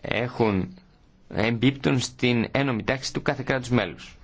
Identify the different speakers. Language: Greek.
Speaker 1: έχουν εμπίπτουν στην ένωμη τάξη του κάθε κράτους μέλους.